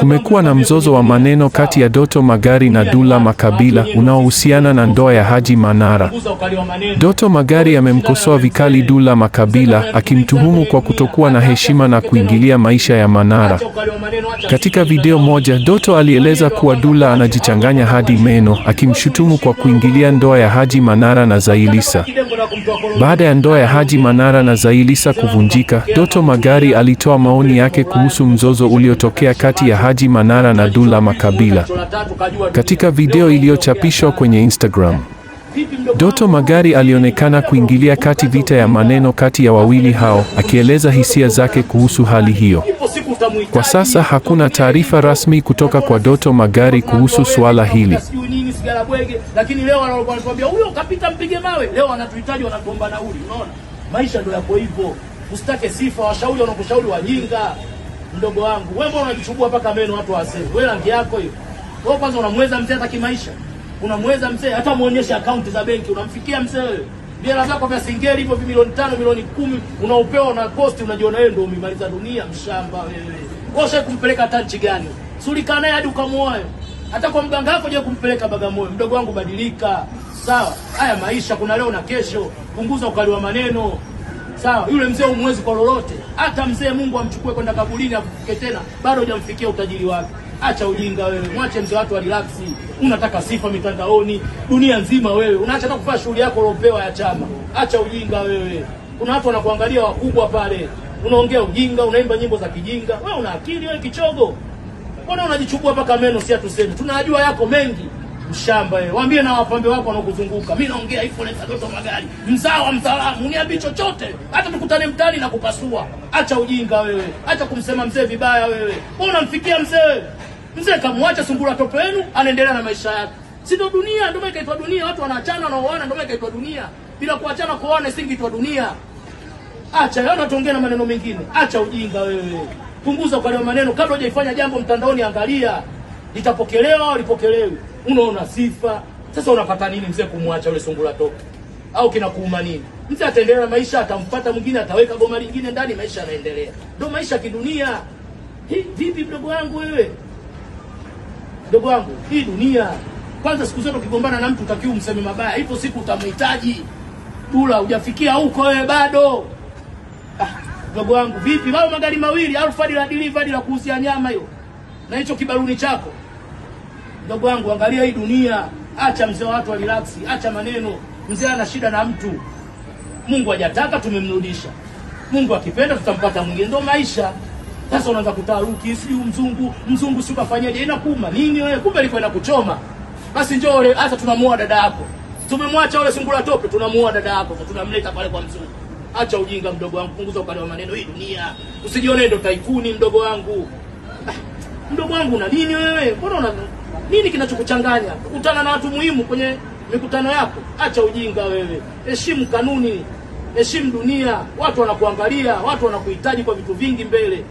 Kumekuwa na mzozo wa maneno kati ya Doto Magari na Dula Makabila unaohusiana na ndoa ya Haji Manara. Doto Magari amemkosoa vikali Dula Makabila akimtuhumu kwa kutokuwa na heshima na kuingilia maisha ya Manara. Katika video moja, Doto alieleza kuwa Dula anajichanganya hadi meno akimshutumu kwa kuingilia ndoa ya Haji Manara na Zailisa. Baada ya ndoa ya Haji Manara na Zailisa kuvunjika, Doto Magari alitoa maoni yake kuhusu mzozo uliotokea kati ya Haji Manara na Dula Makabila. Katika video iliyochapishwa kwenye Instagram, Doto Magari alionekana kuingilia kati vita ya maneno kati ya wawili hao, akieleza hisia zake kuhusu hali hiyo. Kwa sasa hakuna taarifa rasmi kutoka kwa Doto Magari kuhusu suala hili. Lakini leo wanatuambia huyo kapita mpige mawe, leo wanatuhitaji wanatuomba nauli. Unaona, maisha ndio yako hivyo, usitake sifa, washauri wanakushauri wajinga mdogo wangu, wewe mbona unajichubua mpaka meno watu waseme? Wewe rangi yako hiyo. Wewe kwanza unamweza mzee hata kimaisha. Unamweza mzee hata muonyeshe akaunti za benki, unamfikia mzee wewe. Biashara zako vya singeli hivyo vi milioni tano milioni kumi unaopewa na cost, unajiona wewe ndio umemaliza dunia, mshamba wewe. Kosha kumpeleka hata nchi gani? Sulika naye hadi ukamwoe. Hata kwa mganga wako je kumpeleka Bagamoyo. Mdogo wangu badilika. Sawa. Haya maisha kuna leo na kesho. Punguza ukali wa maneno sawa. Yule mzee umwezi kwa lolote, hata mzee Mungu amchukue kwenda kaburini akufuke tena, bado hujamfikia utajiri wake. Acha ujinga wewe, mwache mzee watu wa relax. Unataka sifa mitandaoni dunia nzima, wewe unaacha hata kufanya shughuli yako uliopewa ya chama. Acha ujinga wewe, kuna watu wanakuangalia wakubwa pale, unaongea ujinga, unaimba nyimbo za kijinga. Wewe una akili wewe, kichogo? Mbona unajichukua mpaka meno? Si atuseme tunajua yako mengi mshamba wewe. Waambie na wapambe wako wanaokuzunguka. Mimi naongea hivyo na ndoto magari. Mzawa mtaalamu, uniambie chochote. Hata tukutane mtaani na kupasua. Acha ujinga wewe. Acha kumsema mzee vibaya wewe. Wewe unamfikia mzee. Mzee kamwacha sungura tope wenu, anaendelea na maisha yake. Si ndo dunia, ndio maana ikaitwa dunia. Watu wanaachana na kuoana, ndio maana ikaitwa dunia. Bila kuachana kuoana isingeitwa dunia. Acha yana tuongee na maneno mengine. Acha ujinga wewe. Punguza kwa leo maneno kabla hujaifanya jambo mtandaoni, angalia litapokelewa au lipokelewi unaona sifa. Sasa unapata nini mzee kumwacha yule sungura toke? Au kinakuuma nini? Mtu ataendelea maisha, atamfuata mwingine, ataweka boma lingine ndani, maisha yanaendelea. Ndio maisha kidunia. Hii vipi mdogo wangu wewe? Mdogo wangu, hii dunia. Kwanza siku zote ukigombana na mtu utakiwa umseme mabaya. Ipo siku utamhitaji. Bula hujafikia huko wewe bado. Ah, mdogo wangu, vipi? Wao magari mawili, Alfa la delivery la kuuzia nyama hiyo. Na hicho kibaruni chako. Ndugu wangu, angalia hii dunia, acha mzee wa watu wa relax, acha maneno. Mzee ana shida na mtu, Mungu hajataka tumemrudisha, Mungu akipenda tutampata mwingine, ndio maisha. Sasa unaanza kutaruki, si mzungu mzungu, si ukafanyaje, inakuuma nini wewe? Kumbe ilikuwa inakuchoma. Basi njoo ole, hata tunamuoa dada yako, tumemwacha ole sungura tope, tunamuoa dada yako, Sasa tunamleta pale kwa mzungu. Acha ujinga mdogo wangu, punguza ukali wa maneno. Hii dunia usijione ndio taikuni mdogo wangu. Ah mdogo wangu, una nini wewe? Mbona una nini? Kinachokuchanganya kukutana na watu muhimu kwenye mikutano yako? Acha ujinga wewe, heshimu kanuni, heshimu dunia. Watu wanakuangalia, watu wanakuhitaji kwa vitu vingi mbele